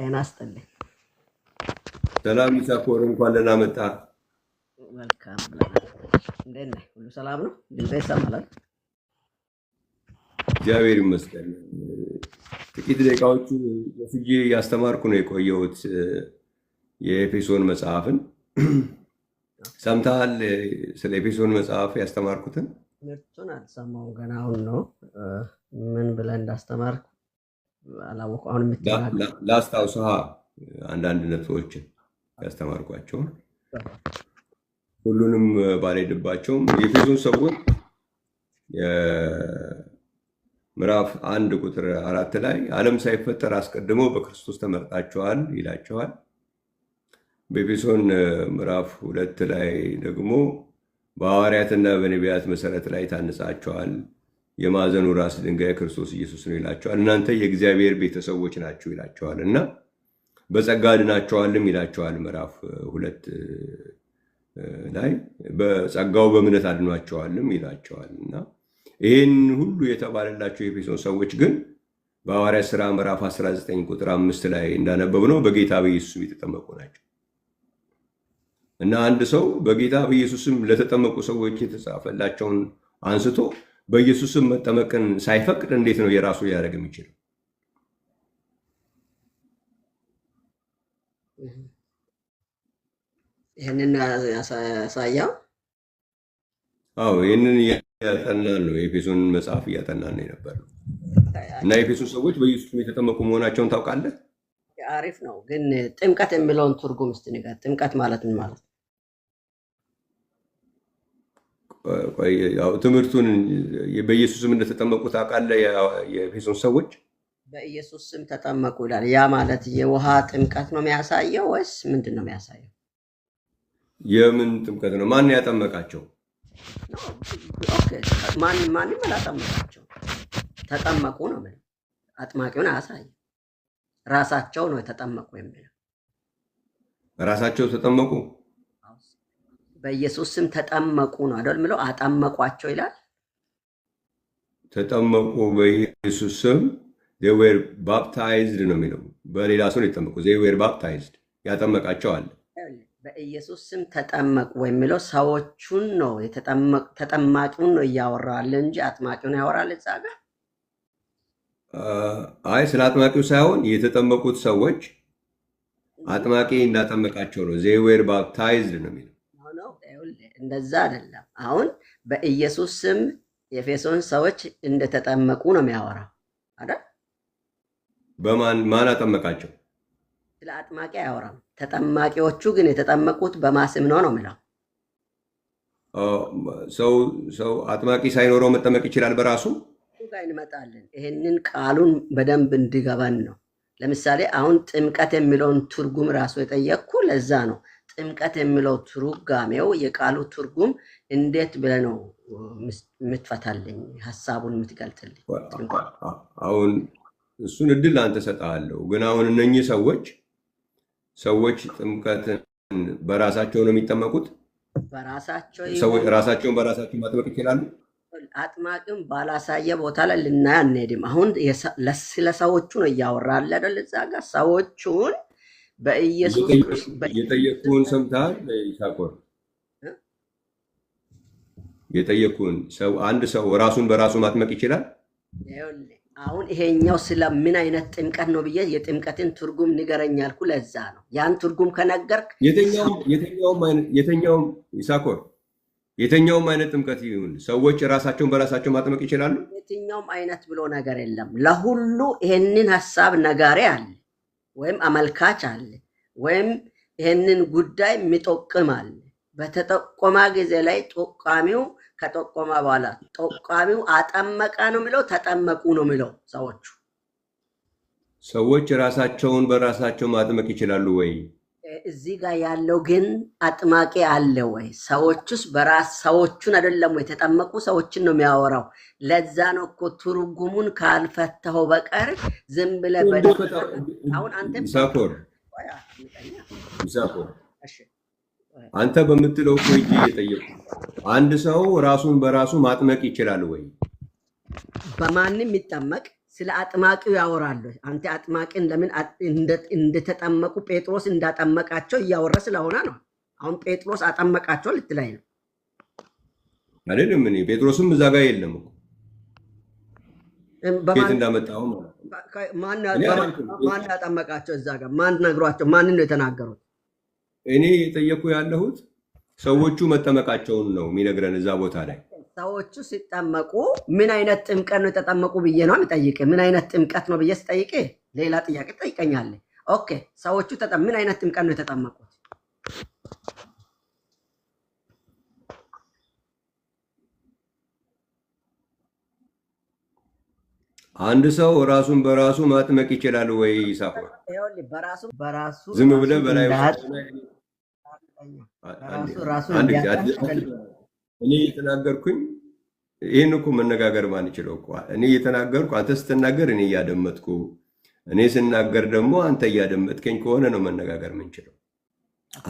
ጤና ይስጥልኝ። ሰላም ይሳኮር፣ እንኳን ደህና መጣ። መልካም እንዴት ነህ? ሁሉ ሰላም ነው? ድምጼ ይሰማል? እግዚአብሔር ይመስገን። ጥቂት ደቂቃዎቹ ወስጄ እያስተማርኩ ነው የቆየሁት የኤፌሶን መጽሐፍን። ሰምተሃል? ስለ ኤፌሶን መጽሐፍ ያስተማርኩትን ምርቱን አልሰማሁም ገና። አሁን ነው ምን እንዳስተማርኩ አላወቁ አሁን ላስታውስ አንዳንድ ነጥቦችን ያስተማርኳቸውን ሁሉንም ባልሄድባቸውም የኤፌሶን ሰዎች ምዕራፍ አንድ ቁጥር አራት ላይ ዓለም ሳይፈጠር አስቀድሞ በክርስቶስ ተመርጣችኋል ይላቸዋል። በኤፌሶን ምዕራፍ ሁለት ላይ ደግሞ በሐዋርያትና በነቢያት መሰረት ላይ ታንጻቸዋል የማዕዘኑ ራስ ድንጋይ ክርስቶስ ኢየሱስ ነው ይላቸዋል። እናንተ የእግዚአብሔር ቤተሰቦች ናችሁ ይላቸዋል እና በጸጋ ድናቸዋልም ይላቸዋል ምዕራፍ ሁለት ላይ በጸጋው በእምነት አድኗቸዋልም ይላቸዋል እና ይህን ሁሉ የተባለላቸው የኤፌሶን ሰዎች ግን በሐዋርያት ሥራ ምዕራፍ 19 ቁጥር አምስት ላይ እንዳነበብነው በጌታ በኢየሱስም የተጠመቁ ናቸው እና አንድ ሰው በጌታ በኢየሱስም ለተጠመቁ ሰዎች የተጻፈላቸውን አንስቶ በኢየሱስም መጠመቅን ሳይፈቅድ እንዴት ነው የራሱ ሊያደርግ የሚችለው? ይህንን ያሳያው። አዎ ይህንን እያጠናን ነው። የኤፌሶን መጽሐፍ እያጠናን ነው ነው እና የኤፌሶን ሰዎች በኢየሱስ የተጠመቁ መሆናቸውን ታውቃለህ። አሪፍ ነው። ግን ጥምቀት የሚለውን ትርጉም እስኪ ጥምቀት ማለት ምን ማለት ነው? ትምህርቱን በኢየሱስ ስም እንደተጠመቁ ታውቃለህ። የኤፌሶን ሰዎች በኢየሱስ ስም ተጠመቁ ይላል። ያ ማለት የውሃ ጥምቀት ነው የሚያሳየው ወይስ ምንድን ነው የሚያሳየው? የምን ጥምቀት ነው? ማን ያጠመቃቸው? ማንም አላጠመቃቸው። ተጠመቁ ነው ምን አጥማቂውን አያሳይም። ራሳቸው ነው የተጠመቁ የሚለው። ራሳቸው ተጠመቁ በኢየሱስ ስም ተጠመቁ ነው አይደል? ምለው አጠመቋቸው ይላል። ተጠመቁ በኢየሱስ ስም ዜዌር ባፕታይዝድ ነው የሚለው። በሌላ ሰው የተጠመቁ ዜዌር ባፕታይዝድ ያጠመቃቸው አለ። በኢየሱስ ስም ተጠመቁ የሚለው ሰዎቹን ነው ተጠማቂውን ነው እያወራል እንጂ አጥማቂውን ያወራል እዛ ጋር። አይ ስለ አጥማቂው ሳይሆን የተጠመቁት ሰዎች አጥማቂ እንዳጠመቃቸው ነው። ዜዌር ባፕታይዝድ ነው የሚለው እንደዛ አይደለም። አሁን በኢየሱስ ስም ኤፌሶን ሰዎች እንደተጠመቁ ነው የሚያወራው አይደል? በማን ማን አጠመቃቸው? ስለ አጥማቂ አያወራም። ተጠማቂዎቹ ግን የተጠመቁት በማስም ነው ነው የሚለው። ሰው ሰው አጥማቂ ሳይኖረው መጠመቅ ይችላል በራሱ ጋር እንመጣለን። ይህንን ቃሉን በደንብ እንዲገባን ነው። ለምሳሌ አሁን ጥምቀት የሚለውን ትርጉም ራሱ የጠየቅኩ ለዛ ነው። ጥምቀት የሚለው ትርጓሜው የቃሉ ትርጉም እንዴት ብለህ ነው የምትፈታልኝ? ሀሳቡን የምትገልጥልኝ? አሁን እሱን እድል አንተ ሰጠሃለሁ። ግን አሁን እነኚህ ሰዎች ሰዎች ጥምቀትን በራሳቸው ነው የሚጠመቁት? ራሳቸውን በራሳቸው ማጥመቅ ይችላሉ? አጥማቅም ባላሳየ ቦታ ላይ ልናይ አንሄድም። አሁን ስለሰዎቹ ሰዎቹ ነው እያወራለ አይደል? እዛ ጋር ሰዎቹን በኢየሱስ የጠየቅኩህን ሰምተሃል ይሳኮር? የጠየቅኩህን ሰው አንድ ሰው ራሱን በራሱ ማጥመቅ ይችላል? አሁን ይሄኛው ስለ ምን አይነት ጥምቀት ነው ብዬ የጥምቀትን ትርጉም ንገረኝ ያልኩ ለዛ ነው። ያን ትርጉም ከነገርክ የተኛውም ይሳኮር የትኛውም አይነት ጥምቀት ይሁን ሰዎች ራሳቸውን በራሳቸው ማጥመቅ ይችላሉ። የትኛውም አይነት ብሎ ነገር የለም። ለሁሉ ይህንን ሀሳብ ነጋሪ አለ። ወይም አመልካች አለ ወይም ይህንን ጉዳይ የሚጠቅም አለ። በተጠቆማ ጊዜ ላይ ጠቋሚው ከጠቆማ በኋላ ጠቋሚው አጠመቀ ነው የሚለው ተጠመቁ ነው የሚለው ሰዎቹ ሰዎች ራሳቸውን በራሳቸው ማጥመቅ ይችላሉ ወይ? እዚህ ጋር ያለው ግን አጥማቂ አለ ወይ? ሰዎቹስ በራስ ሰዎቹን አይደለም ወይ? ተጠመቁ ሰዎችን ነው የሚያወራው። ለዛ ነው እኮ ትርጉሙን ካልፈተኸው በቀር ዝም ብለህ አሁን አንተም ሳኮር ሳኮር አንተ በምትለው እኮ እጅ እየጠየቁ አንድ ሰው ራሱን በራሱ ማጥመቅ ይችላል ወይ? በማንም ይጠመቅ ስለ አጥማቂው ያወራሉ። አንተ አጥማቂን ለምን እንደተጠመቁ ጴጥሮስ እንዳጠመቃቸው እያወራ ስለሆነ ነው። አሁን ጴጥሮስ አጠመቃቸው ልትላይ ነው አይደለም? እኔ ጴጥሮስም እዛ ጋር የለም እኮ ቤት እንዳመጣው ያጠመቃቸው? እዛ ጋር ማን ነግሯቸው? ማን ነው የተናገሩት? እኔ የጠየኩ ያለሁት ሰዎቹ መጠመቃቸውን ነው የሚነግረን እዛ ቦታ ላይ ሰዎቹ ሲጠመቁ ምን አይነት ጥምቀት ነው የተጠመቁ ብዬ ነው የሚጠይቅ። ምን አይነት ጥምቀት ነው ብዬ ስጠይቅ ሌላ ጥያቄ ጠይቀኛለ። ኦኬ ሰዎቹ ምን አይነት ጥምቀት ነው የተጠመቁት? አንድ ሰው ራሱን በራሱ ማጥመቅ ይችላል ወይ? ይሳፋ ዝም ብለህ በላይ እኔ እየተናገርኩኝ ይህን እኮ መነጋገር ማን እኮ እኔ እየተናገርኩ አንተ ስትናገር እኔ እያደመጥኩ እኔ ስናገር ደግሞ አንተ እያደመጥከኝ ከሆነ ነው መነጋገር ምንችለው።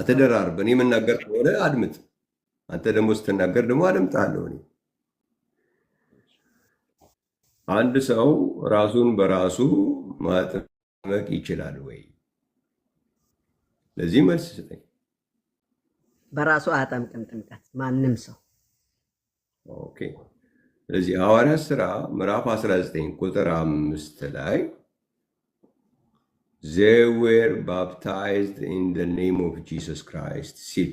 አትደራርብ። እኔ የምናገር ከሆነ አድምጥ፣ አንተ ደግሞ ስትናገር ደግሞ አደምጣለሁ። እኔ አንድ ሰው ራሱን በራሱ ማጥመቅ ይችላል ወይ? ለዚህ መልስ ስጠኝ። በራሱ አያጠምቅም። ጥምቀት ማንም ሰው ኦኬ። ስለዚህ ሐዋርያት ሥራ ምዕራፍ 19 ቁጥር አምስት ላይ ዜዌር ባፕታይዝድ ኢን ደ ኔም ኦፍ ጂሰስ ክራይስት ሲል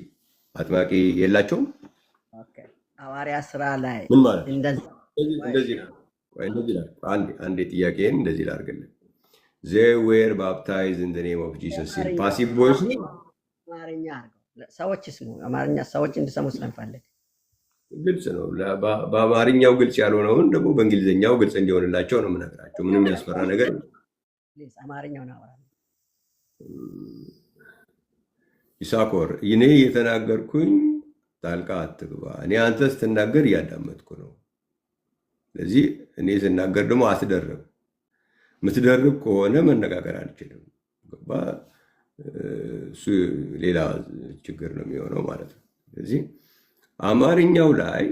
አጥማቂ የላቸውም። ሐዋርያት ሥራ ላይ አንዴ ጥያቄን እንደዚህ ላድርግልን። ዜዌር ባፕታይዝድ ኢን ደ ኔም ኦፍ ጂሰስ ሲል ፓሲቭ ቮይስ ሰዎች ይስሙ። አማርኛ ሰዎች እንዲሰሙ ስለምፈልግ ግልጽ ነው። በአማርኛው ግልጽ ያልሆነውን ደግሞ በእንግሊዝኛው ግልጽ እንዲሆንላቸው ነው የምነግራቸው። ምንም ያስፈራ ነገር ይሳኮር፣ እኔ እየተናገርኩኝ ጣልቃ አትግባ። እኔ አንተ ስትናገር እያዳመጥኩ ነው። ስለዚህ እኔ ስናገር ደግሞ አትደርብ። የምትደርብ ከሆነ መነጋገር አልችልም። እሱ ሌላ ችግር ነው የሚሆነው ማለት ነው። ስለዚህ አማርኛው ላይ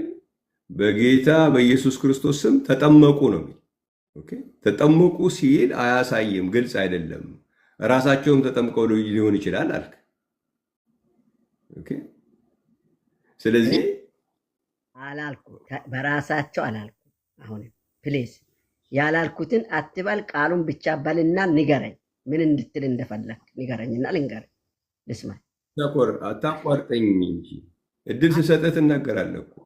በጌታ በኢየሱስ ክርስቶስ ስም ተጠመቁ ነው። ኦኬ ተጠመቁ ሲል አያሳይም፣ ግልጽ አይደለም። ራሳቸውም ተጠምቀው ሊሆን ይችላል አልክ። ኦኬ ስለዚህ አላልኩ፣ በራሳቸው አላልኩ። አሁን ፕሌስ ያላልኩትን አትበል፣ ቃሉን ብቻ በልና ንገረኝ። ምን እንድትል እንደፈለግ ንገረኝና ልንገር ልስማ። ተቆር አታቋርጠኝ እንጂ እድል ስሰጠህ ትናገራለህ እኮ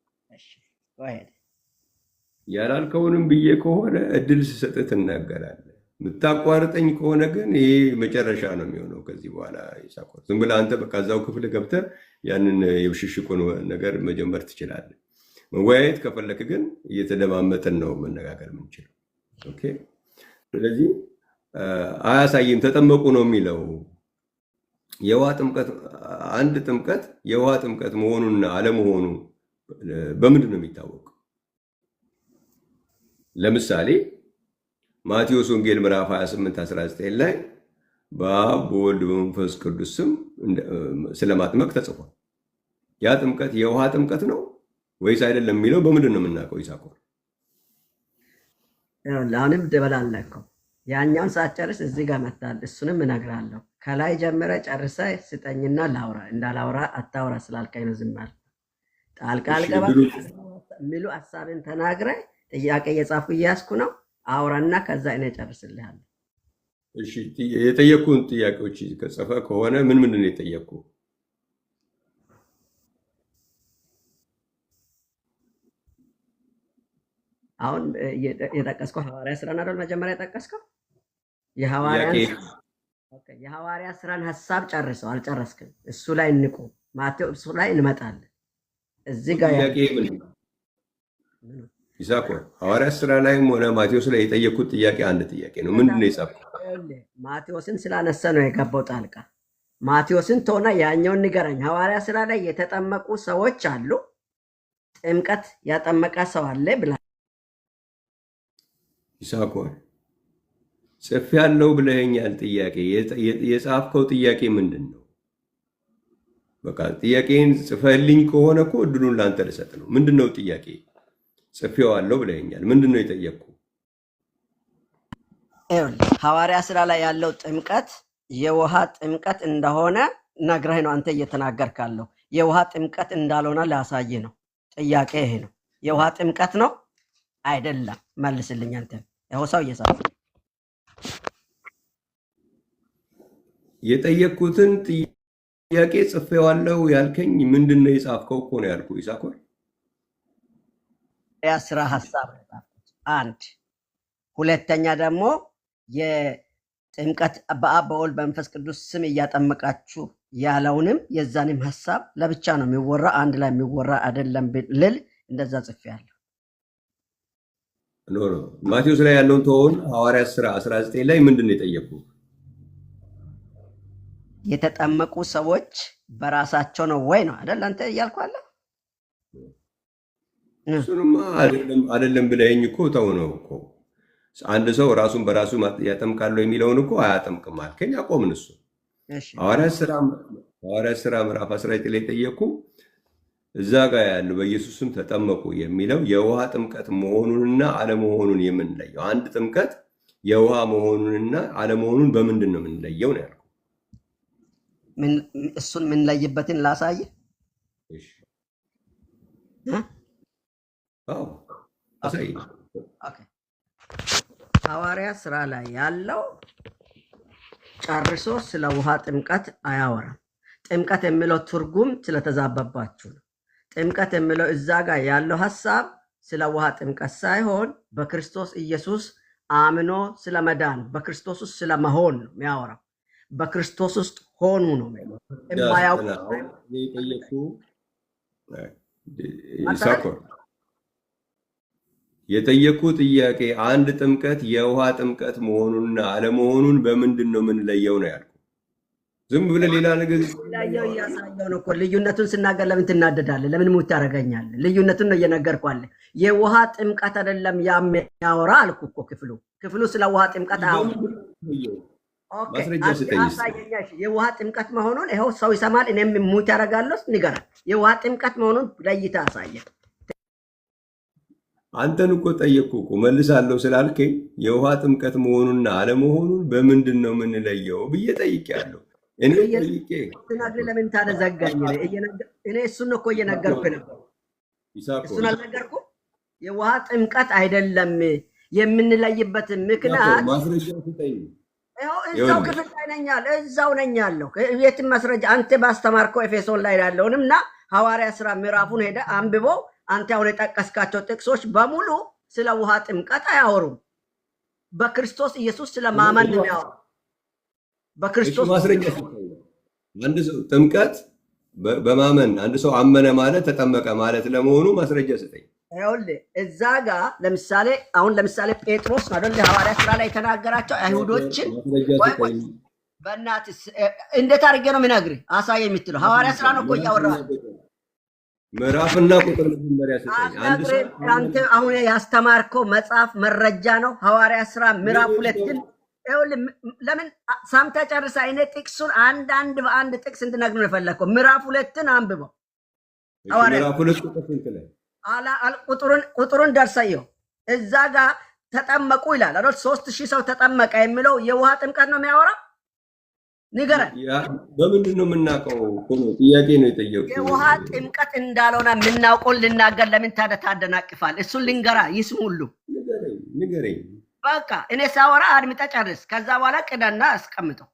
ያላልከውንም ብዬ ከሆነ እድል ስሰጠህ ትናገራለህ። የምታቋርጠኝ ከሆነ ግን ይሄ መጨረሻ ነው የሚሆነው። ከዚህ በኋላ ሳቆር ዝም ብለህ አንተ በቃ ክፍል ገብተህ ያንን የብሽሽቁን ነገር መጀመር ትችላለህ። መወያየት ከፈለክ ግን እየተደማመጥን ነው መነጋገር የምንችለው። ስለዚህ አያሳይም ተጠመቁ ነው የሚለው የውሃ ጥምቀት አንድ ጥምቀት የውሃ ጥምቀት መሆኑና አለመሆኑ በምንድን ነው የሚታወቀው? ለምሳሌ ማቴዎስ ወንጌል ምዕራፍ 28 19 ላይ በአብ በወልድ በመንፈስ ቅዱስ ስም ስለ ማጥመቅ ተጽፏል። ያ ጥምቀት የውሃ ጥምቀት ነው ወይስ አይደለም የሚለው በምንድን ነው የምናውቀው? ይሳኮር አሁንም ደበላለከው ያኛውን ሳትጨርስ እዚህ ጋር መታል። እሱንም እነግራለሁ ከላይ ጀምረ ጨርሰ ስጠኝና ላውራ። እንዳላውራ አታውራ ስላልከኝ ነው ዝም አልኩ። ጣልቃ አልገባ የሚሉ ሀሳብን ተናግረ ጥያቄ እየጻፉ እያስኩ ነው። አውራና ከዛ እኔ ጨርስልሃለሁ። የጠየኩን ጥያቄዎች ከጸፈ ከሆነ ምን ምንድን ነው የጠየኩ? አሁን የጠቀስከው ሐዋርያ ስራን አይደል? መጀመሪያ የጠቀስከው የሐዋርያን የሐዋርያ ስራን ሀሳብ ጨርሰው አልጨረስክም። እሱ ላይ እንቁ ማቴዎ እሱ ላይ እንመጣለን። እዚህ ጋር ይሳኮ ሐዋርያ ስራ ላይም ሆነ ማቴዎስ ላይ የጠየኩት ጥያቄ አንድ ጥያቄ ነው። ምንድን ነው ይሳኮ? ማቴዎስን ስላነሳ ነው የገባው ጣልቃ። ማቴዎስን ተሆነ ያኛውን ንገረኝ። ሐዋርያ ስራ ላይ የተጠመቁ ሰዎች አሉ፣ ጥምቀት ያጠመቀ ሰው አለ ብላ ይሳኮ ጽፍ ያለው ብለኸኛል። ጥያቄ የጻፍከው ጥያቄ ምንድን ነው? በቃ ጥያቄን ጽፈህልኝ ከሆነ እኮ እድሉን ለአንተ ልሰጥ ነው። ምንድን ነው ጥያቄ? ጽፌዋለሁ ብለኸኛል። ምንድን ነው የጠየቅኩ? ሐዋርያ ስራ ላይ ያለው ጥምቀት የውሃ ጥምቀት እንደሆነ ነግረህ ነው አንተ እየተናገርክ ያለው። የውሃ ጥምቀት እንዳልሆነ ላሳይ ነው ጥያቄ ይሄ ነው። የውሃ ጥምቀት ነው አይደለም? መልስልኝ አንተ። ይኸው ሰው እየጻፈ የጠየቅኩትን ጥያቄ ጽፌዋለሁ ያልከኝ ምንድን ነው? የጻፍከው እኮ ነው ያልኩ። ይሳኮር ስራ ሀሳብ አንድ ሁለተኛ ደግሞ የጥምቀት በአብ በወልድ በመንፈስ ቅዱስ ስም እያጠመቃችሁ ያለውንም የዛንም ሀሳብ ለብቻ ነው የሚወራ፣ አንድ ላይ የሚወራ አይደለም ልል እንደዛ ጽፌያለሁ። ኖ ማቴዎስ ላይ ያለውን ተሆን ሐዋርያት ስራ 19 ላይ ምንድን ነው የጠየቅኩህ? የተጠመቁ ሰዎች በራሳቸው ነው ወይ ነው አይደል? አንተ እያልኳለ እሱንማ አይደለም ብለኝ እኮ ተው ነው እኮ አንድ ሰው ራሱን በራሱ ያጠምቃለሁ የሚለውን እኮ አያጠምቅም አልከኝ፣ አቆምን። እሱ ሐዋርያት ሥራ ምዕራፍ 19 ላይ ጠየቅኩ። እዛ ጋር ያሉ በኢየሱስም ተጠመቁ የሚለው የውሃ ጥምቀት መሆኑንና አለመሆኑን የምንለየው አንድ ጥምቀት የውሃ መሆኑንና አለመሆኑን በምንድን ነው የምንለየው ነው እሱን የምንለይበትን ላሳይ። ሐዋርያ ስራ ላይ ያለው ጨርሶ ስለ ውሃ ጥምቀት አያወራም። ጥምቀት የሚለው ትርጉም ስለተዛበባችሁ ነው። ጥምቀት የሚለው እዛ ጋር ያለው ሀሳብ ስለ ውሃ ጥምቀት ሳይሆን በክርስቶስ ኢየሱስ አምኖ ስለመዳን በክርስቶስ ውስጥ ስለመሆን ነው የሚያወራው። በክርስቶስ ውስጥ ሆኑ ነው የማያውቁ የጠየቁ ጥያቄ አንድ ጥምቀት የውሃ ጥምቀት መሆኑንና አለመሆኑን በምንድን ነው የምንለየው ነው ያልኩ። ዝም ብለህ ሌላ ነገር እያሳየው ነው እኮ ልዩነቱን ስናገር ለምን ትናደዳለህ? ለምን ሙት ያደርገኛለህ? ልዩነቱን ነው እየነገርኳለ። የውሃ ጥምቀት አይደለም ያወራ አልኩ እኮ ክፍሉ ክፍሉ ስለ ውሃ ጥምቀት የውሃ ጥምቀት መሆኑን ይኸው ሰው ይሰማል። እኔም ሙት ያደርጋለሁ ንገራል። የውሃ ጥምቀት መሆኑን ለይታ አሳየ። አንተን እኮ ጠየቅኩ እኮ መልሳለሁ ስላልከኝ የውሃ ጥምቀት መሆኑና አለመሆኑን በምንድን ነው የምንለየው ብዬ ጠይቄያለሁ። ለምን ታዲያ እኔ እሱን እኮ እየነገርኩ ነበር። እሱን አልነገርኩም። የውሃ ጥምቀት አይደለም የምንለይበት ምክንያት ማስረጃ እዛው ክፍል ላይ ነኛል እዛው ነኝ የትም ማስረጃ አንተ ባስተማርከው ኤፌሶን ላይ ያለውንም እና ሐዋርያ ስራ ምዕራፉን ሄደ አንብቦ አንተ አሁን የጠቀስካቸው ጥቅሶች በሙሉ ስለ ውሃ ጥምቀት አያወሩም። በክርስቶስ ኢየሱስ ስለ ማመን ነው ያወሩ። በክርስቶስ አንድ ሰው ጥምቀት በማመን አንድ ሰው አመነ ማለት ተጠመቀ ማለት ለመሆኑ ማስረጃ ስጠኝ። ይኸውልህ እዛ ጋ ለምሳሌ አሁን ለምሳሌ ጴጥሮስ አይደል ሐዋርያ ስራ ላይ የተናገራቸው አይሁዶችን በእናትህ እንዴት አድርጌ ነው የሚነግርህ? አሳየ የምትለው ሐዋርያ ስራ ነው እኮ እያወራህ ምዕራፍና ቁጥር መጀመሪያ አንተ አሁን ያስተማርከው መጽሐፍ መረጃ ነው። ሐዋርያ ስራ ምዕራፍ ሁለት ግን ለምን ሳምታ ጨርሳ አይነ ጥቅሱን አንድ አንድ በአንድ ጥቅስ እንድነግር ነው የፈለግከው። ምዕራፍ ሁለትን አንብበው ሐዋርያ ሁለት ቁጥር ስንት ላይ ቁጥሩን ቁጥሩን ደርሰየው እዛ ጋር ተጠመቁ ይላል አይደል? ሶስት ሺህ ሰው ተጠመቀ የሚለው የውሃ ጥምቀት ነው የሚያወራው። ንገረን፣ በምንድን ነው የምናውቀው? ጥያቄ ነው የጠየቁት። የውሃ ጥምቀት እንዳልሆነ የምናውቀው ልናገር፣ ለምን ታዲያ ታደናቅፋል? እሱን ልንገራ፣ ይስሙሉ። ንገረኝ በቃ እኔ ሳወራ አድምጠ ጨርስ። ከዛ በኋላ ቅደና አስቀምጠው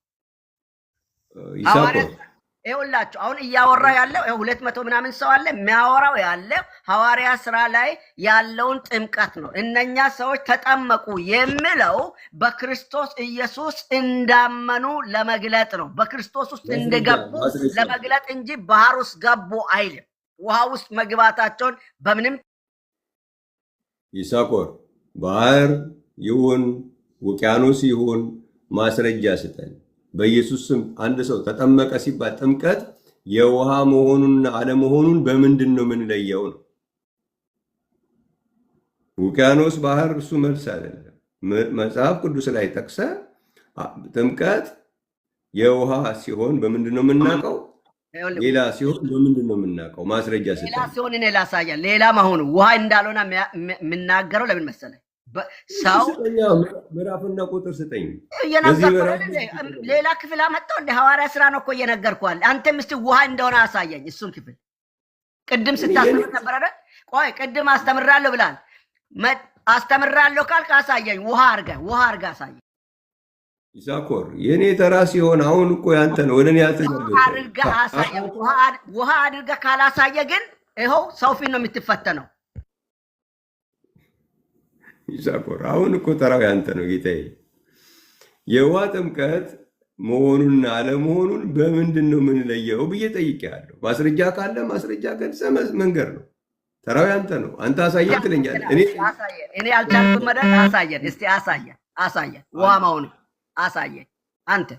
ይኸውላችሁ አሁን እያወራ ያለው ሁለት መቶ ምናምን ሰው አለ። የሚያወራው ያለው ሐዋርያ ስራ ላይ ያለውን ጥምቀት ነው። እነኛ ሰዎች ተጠመቁ የሚለው በክርስቶስ ኢየሱስ እንዳመኑ ለመግለጥ ነው። በክርስቶስ ውስጥ እንደገቡ ለመግለጥ እንጂ ባህር ውስጥ ገቡ አይልም። ውሃ ውስጥ መግባታቸውን በምንም ይሳኮር ባህር ይሁን ውቅያኖስ ይሁን ማስረጃ ስጠን። በኢየሱስ ስም አንድ ሰው ተጠመቀ ሲባል ጥምቀት የውሃ መሆኑንና አለመሆኑን በምንድን ነው የምንለየው? ነው ውቅያኖስ፣ ባህር እሱ መልስ አይደለም። መጽሐፍ ቅዱስ ላይ ጠቅሰ ጥምቀት የውሃ ሲሆን በምንድን ነው የምናውቀው? ሌላ ሲሆን በምንድን ነው የምናውቀው? ማስረጃ ሌላ ሲሆን እኔ ላሳያል። ሌላ መሆኑ ውሃ እንዳልሆነ የምናገረው ለምን መሰለህ? ሰው ምዕራፍና ቁጥር ስጠኝ ሌላ ክፍል አመጣው። እንደ ሐዋርያ ስራ ነው እኮ እየነገርኳል። አንተም እስቲ ውሃ እንደሆነ አሳየኝ። እሱን ክፍል ቅድም ስታስተምር ነበር አይደል? ቆይ ቅድም አስተምራለሁ ብላል። አስተምራለሁ ካልክ አሳየኝ። ውሃ አድርገህ ውሃ አድርገህ አሳየኝ። ይሳኮር የእኔ ተራ ሲሆን አሁን እኮ ያንተ ነው። ወደ እኔ ውሃ አድርገህ ካላሳየ ግን ይኸው ሰው ፊት ነው የምትፈተነው። ይሳኮር አሁን እኮ ተራው ያንተ ነው ጌታዬ። የውሃ ጥምቀት መሆኑንና አለመሆኑን በምንድን ነው የምንለየው ብዬ ጠይቄያለሁ። ማስረጃ ካለ ማስረጃ ገልጸ መንገር ነው። ተራው ያንተ ነው። አንተ አሳየን ትለኛለህ። እኔ አልቻልኩም። መደን አሳየን እስቲ አሳየን፣ አሳየን ውሃ መሆኑ አሳየን። አንተ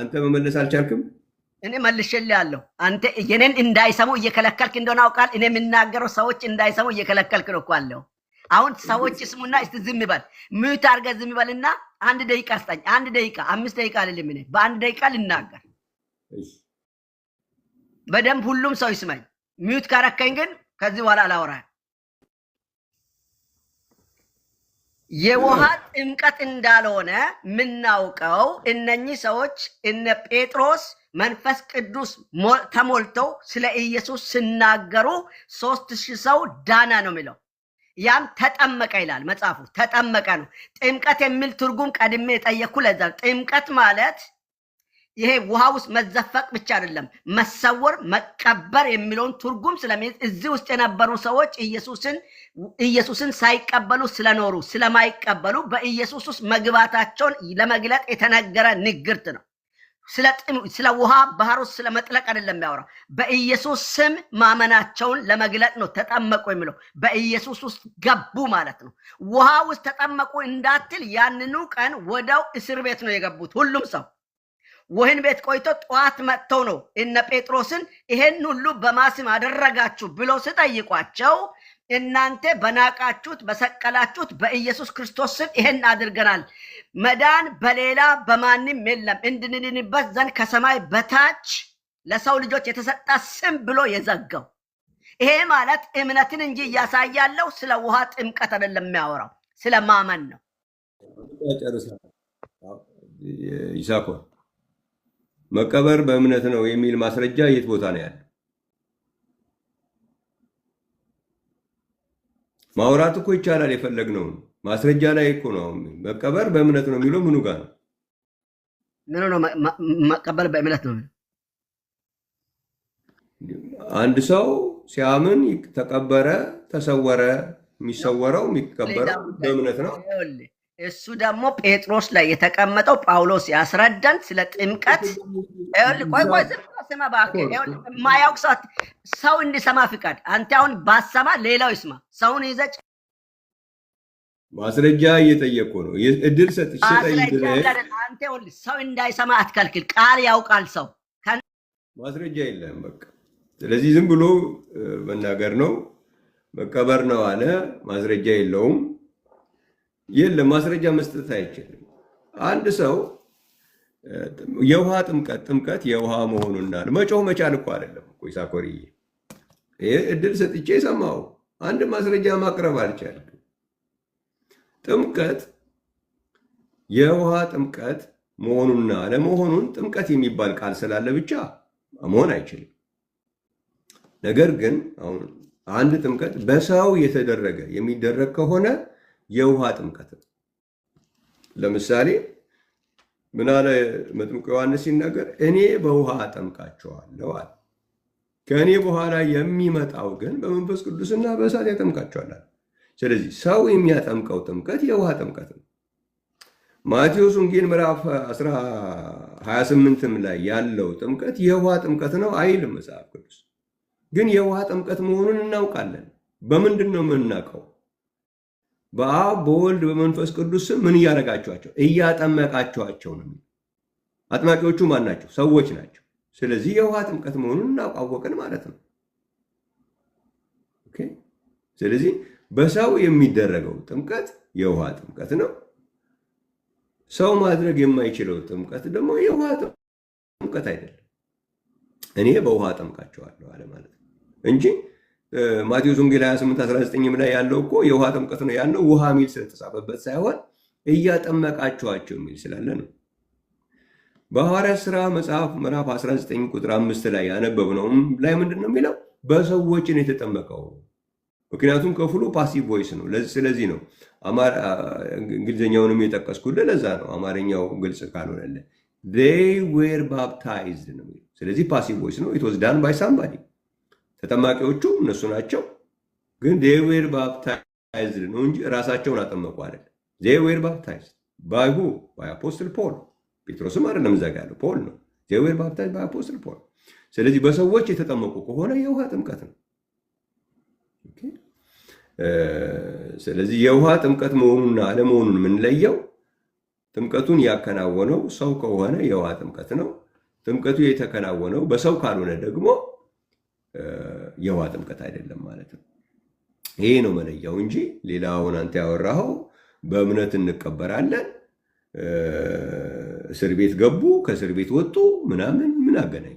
አንተ መመለስ አልቻልክም። እኔ መልሼልሃለሁ። አንተ የኔን እንዳይሰሙ እየከለከልክ እንደሆነ አውቃለሁ። እኔ የምናገረው ሰዎች እንዳይሰሙ እየከለከልክ ነው እኮ አለው አሁን ሰዎች ስሙና እስቲ ዝም ይባል ሚዩት አርገ ዝም ይባልና አንድ ደቂቃ አስጣኝ። አንድ ደቂቃ አምስት ደቂቃ አይደለም፣ እኔ በአንድ ደቂቃ ልናገር። በደንብ ሁሉም ሰው ይስማኝ። ሚዩት ካረከኝ ግን ከዚህ በኋላ አላወራ። የውሃ ጥምቀት እንዳልሆነ የምናውቀው እነኚህ ሰዎች እነ ጴጥሮስ መንፈስ ቅዱስ ተሞልተው ስለ ኢየሱስ ሲናገሩ ሶስት ሺህ ሰው ዳና ነው የሚለው ያም ተጠመቀ ይላል መጽሐፉ። ተጠመቀ ነው። ጥምቀት የሚል ትርጉም ቀድሜ የጠየቅኩ ለዛ ጥምቀት ማለት ይሄ ውሃ ውስጥ መዘፈቅ ብቻ አይደለም፣ መሰወር፣ መቀበር የሚለውን ትርጉም ስለሚይዝ እዚህ ውስጥ የነበሩ ሰዎች ኢየሱስን ኢየሱስን ሳይቀበሉ ስለኖሩ ስለማይቀበሉ በኢየሱስ ውስጥ መግባታቸውን ለመግለጥ የተነገረ ንግርት ነው። ስለ ውሃ ባህር ውስጥ ስለ መጥለቅ አይደለም የሚያወራው። በኢየሱስ ስም ማመናቸውን ለመግለጥ ነው ተጠመቁ የሚለው። በኢየሱስ ውስጥ ገቡ ማለት ነው። ውሃ ውስጥ ተጠመቁ እንዳትል፣ ያንኑ ቀን ወደው እስር ቤት ነው የገቡት ሁሉም ሰው ወህን ቤት ቆይቶ ጠዋት መጥተው ነው እነ ጴጥሮስን ይሄን ሁሉ በማስም አደረጋችሁ ብሎ ስጠይቋቸው እናንተ በናቃችሁት በሰቀላችሁት በኢየሱስ ክርስቶስ ስም ይሄን አድርገናል። መዳን በሌላ በማንም የለም እንድንድንበት ዘንድ ከሰማይ በታች ለሰው ልጆች የተሰጠ ስም ብሎ የዘጋው ይሄ ማለት እምነትን እንጂ እያሳያለው ስለ ውሃ ጥምቀት አይደለም የሚያወራው ስለ ማመን ነው። ይሳኮ መቀበር በእምነት ነው የሚል ማስረጃ የት ቦታ ነው ያለ? ማውራት እኮ ይቻላል። የፈለግነውን ማስረጃ ላይ እኮ ነው። አሁን መቀበር በእምነት ነው የሚለው ምኑ ጋር ነው? መቀበር በእምነት ነው። አንድ ሰው ሲያምን ተቀበረ፣ ተሰወረ። የሚሰወረው የሚቀበረው በእምነት ነው። እሱ ደግሞ ጴጥሮስ ላይ የተቀመጠው ጳውሎስ ያስረዳን ስለ ጥምቀት። ቆይ ቆይ ስማ እባክህ፣ የማያውቅ ሰው ሰው እንዲሰማ ፍቃድ። አንተ አሁን ባሰማ ሌላው ይስማ። ሰውን ይዘጭ ማስረጃ እየጠየቁ ነው። እድል ሰጥቼ ሰው እንዳይሰማ አትከልክል። ቃል ያውቃል ሰው ማስረጃ የለም። በቃ ስለዚህ ዝም ብሎ መናገር ነው መቀበር ነው አለ። ማስረጃ የለውም የለም ማስረጃ መስጠት አይችልም። አንድ ሰው የውሃ ጥምቀት ጥምቀት የውሃ መሆኑና መጮህ መቻል እኮ አይደለም እኮ ይሳኮርዬ፣ እድል ሰጥቼ ሰማው። አንድ ማስረጃ ማቅረብ አልቻልክም። ጥምቀት የውሃ ጥምቀት መሆኑና ለመሆኑን ጥምቀት የሚባል ቃል ስላለ ብቻ መሆን አይችልም። ነገር ግን አሁን አንድ ጥምቀት በሰው የተደረገ የሚደረግ ከሆነ የውሃ ጥምቀት ነው። ለምሳሌ ምን አለ መጥምቁ ዮሐንስ ሲናገር፣ እኔ በውሃ አጠምቃቸዋለሁ አለ። ከእኔ በኋላ የሚመጣው ግን በመንፈስ ቅዱስና በእሳት ያጠምቃቸዋል። ስለዚህ ሰው የሚያጠምቀው ጥምቀት የውሃ ጥምቀት ነው። ማቴዎስ ወንጌል ምዕራፍ 28 ላይ ያለው ጥምቀት የውሃ ጥምቀት ነው አይልም መጽሐፍ ቅዱስ። ግን የውሃ ጥምቀት መሆኑን እናውቃለን። በምንድን ነው የምናውቀው? በአብ በወልድ በመንፈስ ቅዱስ ስም ምን እያደረጋችኋቸው? እያጠመቃችኋቸው ነው። አጥማቂዎቹ ማን ናቸው? ሰዎች ናቸው። ስለዚህ የውሃ ጥምቀት መሆኑን እናቋወቅን ማለት ነው። ኦኬ። ስለዚህ በሰው የሚደረገው ጥምቀት የውሃ ጥምቀት ነው። ሰው ማድረግ የማይችለው ጥምቀት ደግሞ የውሃ ጥምቀት አይደለም። እኔ በውሃ ጠምቃቸዋለሁ አለ ማለት ነው እንጂ ማቴዎስ ወንጌል 28 19 ላይ ያለው እኮ የውሃ ጥምቀት ነው ያለው ውሃ ሚል ስለተጻፈበት ሳይሆን እያጠመቃችኋቸው የሚል ስላለ ነው። በሐዋርያ ሥራ መጽሐፍ ምዕራፍ 19 ቁጥር አምስት ላይ ያነበብነውም ላይ ምንድን ነው የሚለው በሰዎችን የተጠመቀው ምክንያቱም ክፍሉ ፓሲቭ ቮይስ ነው። ስለዚህ ነው እንግሊዝኛውንም የጠቀስኩልህ ለዛ ነው። አማርኛው ግልጽ ካልሆነልህ ዌር ባፕታይዝድ ነው። ስለዚህ ፓሲቭ ቮይስ ነው። ኢት ዋዝ ዳን ባይ ሳምባዲ ተጠማቂዎቹ እነሱ ናቸው። ግን ዴይ ዌር ባፕታይዝድ ነው እንጂ ራሳቸውን አጠመቁ አይደለም። ዴይ ዌር ባፕታይዝድ ባይ ሁ ባይ አፖስትል ፖል። ጴጥሮስም አይደለም እዛ ጋ ያለው ፖል ነው። ዴይ ዌር ባፕታይዝድ ባይ አፖስትል ፖል። ስለዚህ በሰዎች የተጠመቁ ከሆነ የውሃ ጥምቀት ነው። ስለዚህ የውሃ ጥምቀት መሆኑና አለመሆኑን የምንለየው ጥምቀቱን ያከናወነው ሰው ከሆነ የውሃ ጥምቀት ነው። ጥምቀቱ የተከናወነው በሰው ካልሆነ ደግሞ የውሃ ጥምቀት አይደለም ማለት ነው። ይሄ ነው መለያው እንጂ ሌላ አሁን አንተ ያወራኸው በእምነት እንቀበራለን፣ እስር ቤት ገቡ፣ ከእስር ቤት ወጡ፣ ምናምን ምን አገናኝ?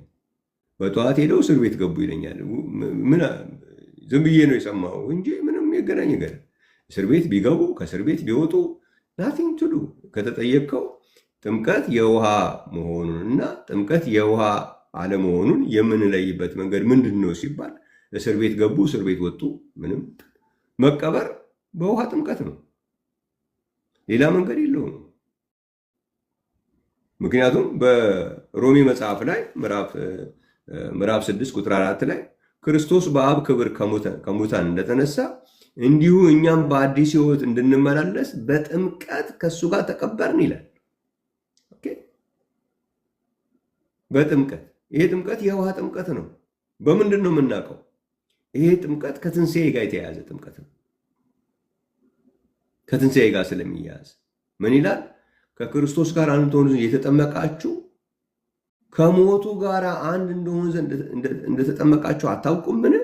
በጠዋት ሄደው እስር ቤት ገቡ ይለኛል። ዝም ብዬ ነው የሰማው እንጂ ምንም የገናኝ ገ እስር ቤት ቢገቡ ከእስር ቤት ቢወጡ ናቲንግ ቱዱ ከተጠየቅከው ጥምቀት የውሃ መሆኑን እና ጥምቀት የውሃ አለመሆኑን የምንለይበት መንገድ ምንድን ነው ሲባል እስር ቤት ገቡ፣ እስር ቤት ወጡ። ምንም መቀበር በውሃ ጥምቀት ነው። ሌላ መንገድ የለውም። ምክንያቱም በሮሜ መጽሐፍ ላይ ምዕራፍ ስድስት ቁጥር አራት ላይ ክርስቶስ በአብ ክብር ከሙታን እንደተነሳ እንዲሁ እኛም በአዲስ ሕይወት እንድንመላለስ በጥምቀት ከእሱ ጋር ተቀበርን ይላል። በጥምቀት ይሄ ጥምቀት የውሃ ጥምቀት ነው። በምንድን ነው የምናውቀው? ይሄ ጥምቀት ከትንሣኤ ጋር የተያያዘ ጥምቀት ነው። ከትንሣኤ ጋር ስለሚያያዝ ምን ይላል? ከክርስቶስ ጋር አንድ ትሆኑ ዘንድ የተጠመቃችሁ ከሞቱ ጋር አንድ እንደሆኑ ዘንድ እንደተጠመቃችሁ አታውቁምን?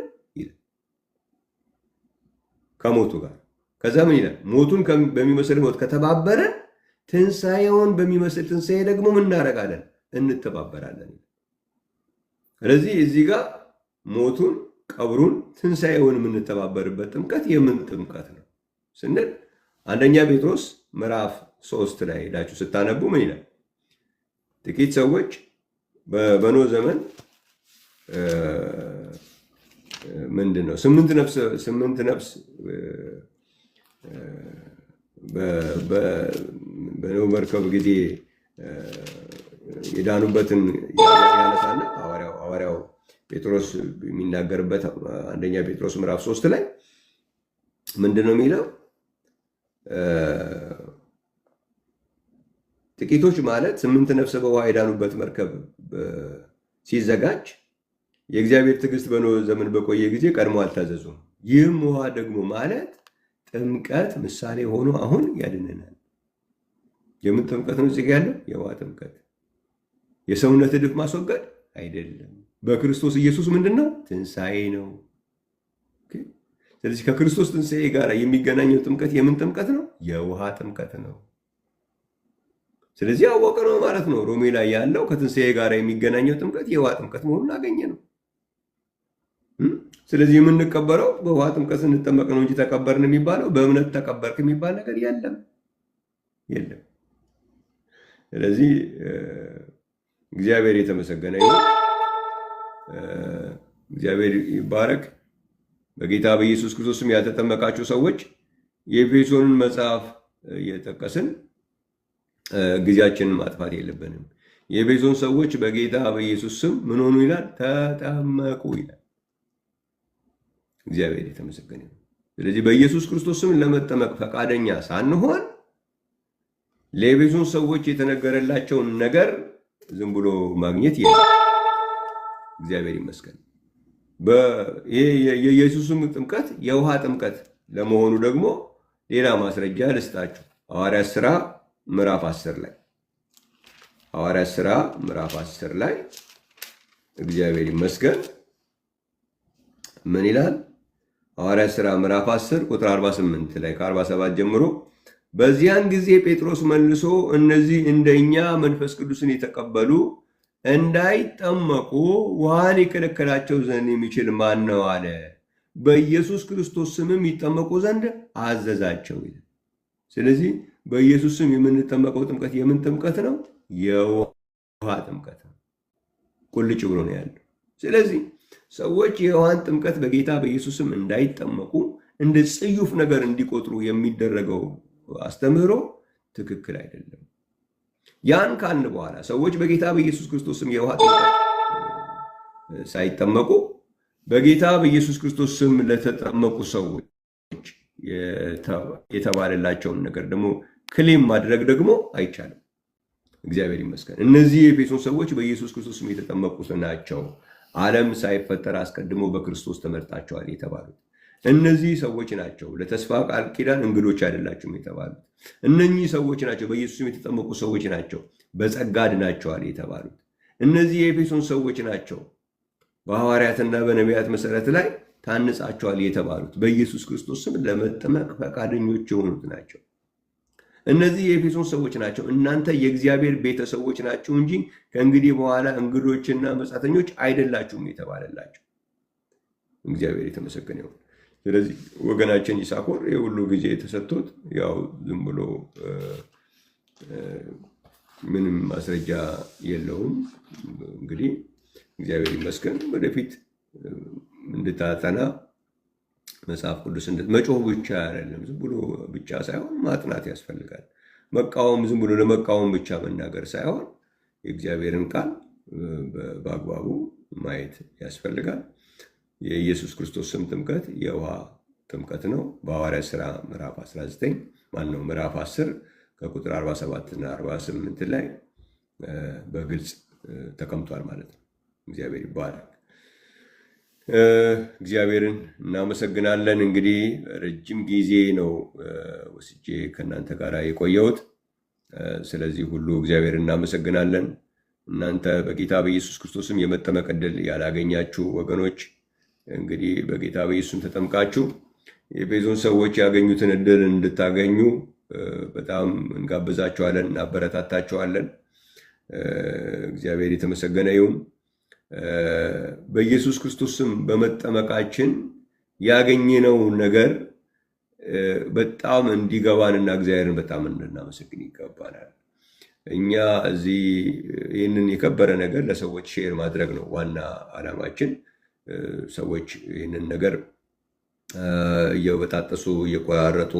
ከሞቱ ጋር ከዛ ምን ይላል? ሞቱን በሚመስል ሞት ከተባበረ ትንሣኤውን በሚመስል ትንሣኤ ደግሞ ምን እናደርጋለን? እንተባበራለን። ስለዚህ እዚህ ጋር ሞቱን፣ ቀብሩን፣ ትንሣኤውን የምንተባበርበት ጥምቀት የምን ጥምቀት ነው ስንል አንደኛ ጴጥሮስ ምዕራፍ ሶስት ላይ ሄዳችሁ ስታነቡ ምን ይላል? ጥቂት ሰዎች በኖ ዘመን ምንድን ነው ስምንት ነፍስ በኖ መርከብ ጊዜ የዳኑበትን ያነሳለን። ሐዋርያው ጴጥሮስ የሚናገርበት አንደኛ ጴጥሮስ ምዕራፍ ሶስት ላይ ምንድን ነው የሚለው? ጥቂቶች ማለት ስምንት ነፍስ በውሃ የዳኑበት መርከብ ሲዘጋጅ የእግዚአብሔር ትዕግስት በኖኅ ዘመን በቆየ ጊዜ ቀድሞ አልታዘዙም። ይህም ውሃ ደግሞ ማለት ጥምቀት ምሳሌ ሆኖ አሁን ያድነናል። የምን ጥምቀት ነው እዚህ ያለው? የውሃ ጥምቀት። የሰውነት እድፍ ማስወገድ አይደለም። በክርስቶስ ኢየሱስ ምንድን ነው? ትንሣኤ ነው። ስለዚህ ከክርስቶስ ትንሣኤ ጋር የሚገናኘው ጥምቀት የምን ጥምቀት ነው? የውሃ ጥምቀት ነው። ስለዚህ አወቀ ነው ማለት ነው። ሮሜ ላይ ያለው ከትንሣኤ ጋር የሚገናኘው ጥምቀት የውሃ ጥምቀት መሆኑን አገኘ ነው። ስለዚህ የምንቀበረው በውሃ ጥምቀት ስንጠመቅ ነው እንጂ ተቀበርን የሚባለው በእምነት ተቀበርክ የሚባል ነገር የለም የለም። ስለዚህ እግዚአብሔር የተመሰገነ እግዚአብሔር ይባረክ። በጌታ በኢየሱስ ክርስቶስም ያልተጠመቃችሁ ሰዎች የኤፌሶንን መጽሐፍ እየጠቀስን ጊዜያችንን ማጥፋት የለብንም። የኤፌሶን ሰዎች በጌታ በኢየሱስ ስም ምን ሆኑ ይላል? ተጠመቁ ይላል። እግዚአብሔር የተመሰገነ ስለዚህ በኢየሱስ ክርስቶስ ስም ለመጠመቅ ፈቃደኛ ሳንሆን ለኤፌሶን ሰዎች የተነገረላቸውን ነገር ዝም ብሎ ማግኘት ይላል እግዚአብሔር ይመስገን። የኢየሱስም ጥምቀት የውሃ ጥምቀት ለመሆኑ ደግሞ ሌላ ማስረጃ ልስጣችሁ። ሐዋርያት ሥራ ምዕራፍ 10 ላይ ሐዋርያት ሥራ ምዕራፍ 10 ላይ እግዚአብሔር ይመስገን ምን ይላል? ሐዋርያት ሥራ ምዕራፍ 10 ቁጥር 48 ላይ ከ47 ጀምሮ በዚያን ጊዜ ጴጥሮስ መልሶ እነዚህ እንደኛ መንፈስ ቅዱስን የተቀበሉ እንዳይጠመቁ ውሃን የከለከላቸው ዘንድ የሚችል ማን ነው አለ። በኢየሱስ ክርስቶስ ስምም ይጠመቁ ዘንድ አዘዛቸው። ስለዚህ በኢየሱስ ስም የምንጠመቀው ጥምቀት የምን ጥምቀት ነው? የውሃ ጥምቀት ነው። ቁልጭ ብሎ ነው ያለው። ስለዚህ ሰዎች የውሃን ጥምቀት በጌታ በኢየሱስ ስም እንዳይጠመቁ እንደ ጽዩፍ ነገር እንዲቆጥሩ የሚደረገው አስተምህሮ ትክክል አይደለም። ያን ካልን በኋላ ሰዎች በጌታ በኢየሱስ ክርስቶስ ስም የውሃ ጥምቀት ሳይጠመቁ በጌታ በኢየሱስ ክርስቶስ ስም ለተጠመቁ ሰዎች የተባለላቸውን ነገር ደግሞ ክሌም ማድረግ ደግሞ አይቻልም። እግዚአብሔር ይመስገን። እነዚህ የኤፌሶን ሰዎች በኢየሱስ ክርስቶስ ስም የተጠመቁት ናቸው። ዓለም ሳይፈጠር አስቀድሞ በክርስቶስ ተመርጣቸዋል የተባሉት እነዚህ ሰዎች ናቸው። ለተስፋ ቃል ኪዳን እንግዶች አይደላችሁም የተባሉት እነኚህ ሰዎች ናቸው በኢየሱስ ስም የተጠመቁ ሰዎች ናቸው በጸጋ ድናቸዋል የተባሉት። እነዚህ የኤፌሶን ሰዎች ናቸው በሐዋርያትና በነቢያት መሰረት ላይ ታንጻቸዋል የተባሉት በኢየሱስ ክርስቶስ ስም ለመጠመቅ ፈቃደኞች የሆኑት ናቸው። እነዚህ የኤፌሶን ሰዎች ናቸው። እናንተ የእግዚአብሔር ቤተሰቦች ናቸው እንጂ ከእንግዲህ በኋላ እንግዶችና መጻተኞች አይደላችሁም የተባለላቸው እግዚአብሔር የተመሰገነ ይሁን። ስለዚህ ወገናችን ይሳኮር የሁሉ ጊዜ የተሰጥቶት ያው ዝም ብሎ ምንም ማስረጃ የለውም። እንግዲህ እግዚአብሔር ይመስገን። ወደፊት እንድታጠና መጽሐፍ ቅዱስ መጮህ ብቻ አይደለም፣ ዝም ብሎ ብቻ ሳይሆን ማጥናት ያስፈልጋል። መቃወም ዝም ብሎ ለመቃወም ብቻ መናገር ሳይሆን የእግዚአብሔርን ቃል በአግባቡ ማየት ያስፈልጋል። የኢየሱስ ክርስቶስ ስም ጥምቀት የውሃ ጥምቀት ነው። በሐዋርያ ሥራ ምዕራፍ 19 ማን ነው ምዕራፍ 10 ከቁጥር 47 እና 48 ላይ በግልጽ ተቀምጧል ማለት ነው። እግዚአብሔር ይባረክ። እግዚአብሔርን እናመሰግናለን። እንግዲህ ረጅም ጊዜ ነው ወስጄ ከእናንተ ጋር የቆየሁት። ስለዚህ ሁሉ እግዚአብሔር እናመሰግናለን። እናንተ በጌታ በኢየሱስ ክርስቶስም የመጠመቅ ዕድል ያላገኛችሁ ወገኖች እንግዲህ በጌታ በኢየሱስም ተጠምቃችሁ የኤፌሶን ሰዎች ያገኙትን እድል እንድታገኙ በጣም እንጋብዛችኋለን፣ እናበረታታችኋለን። እግዚአብሔር የተመሰገነ ይሁን። በኢየሱስ ክርስቶስም በመጠመቃችን ያገኘነው ነገር በጣም እንዲገባንና እግዚአብሔርን በጣም እንድናመሰግን ይገባናል። እኛ እዚህ ይህንን የከበረ ነገር ለሰዎች ሼር ማድረግ ነው ዋና ዓላማችን። ሰዎች ይህንን ነገር እየበጣጠሱ እየቆራረጡ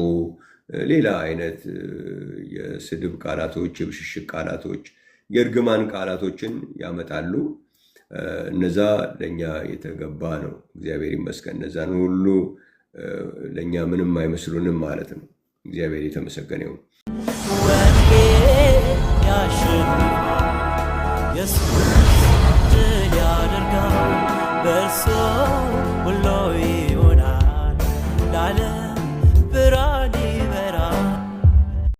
ሌላ አይነት የስድብ ቃላቶች፣ የብሽሽቅ ቃላቶች፣ የእርግማን ቃላቶችን ያመጣሉ። እነዛ ለእኛ የተገባ ነው። እግዚአብሔር ይመስገን። እነዛን ሁሉ ለእኛ ምንም አይመስሉንም ማለት ነው። እግዚአብሔር የተመሰገነ ይሁን። so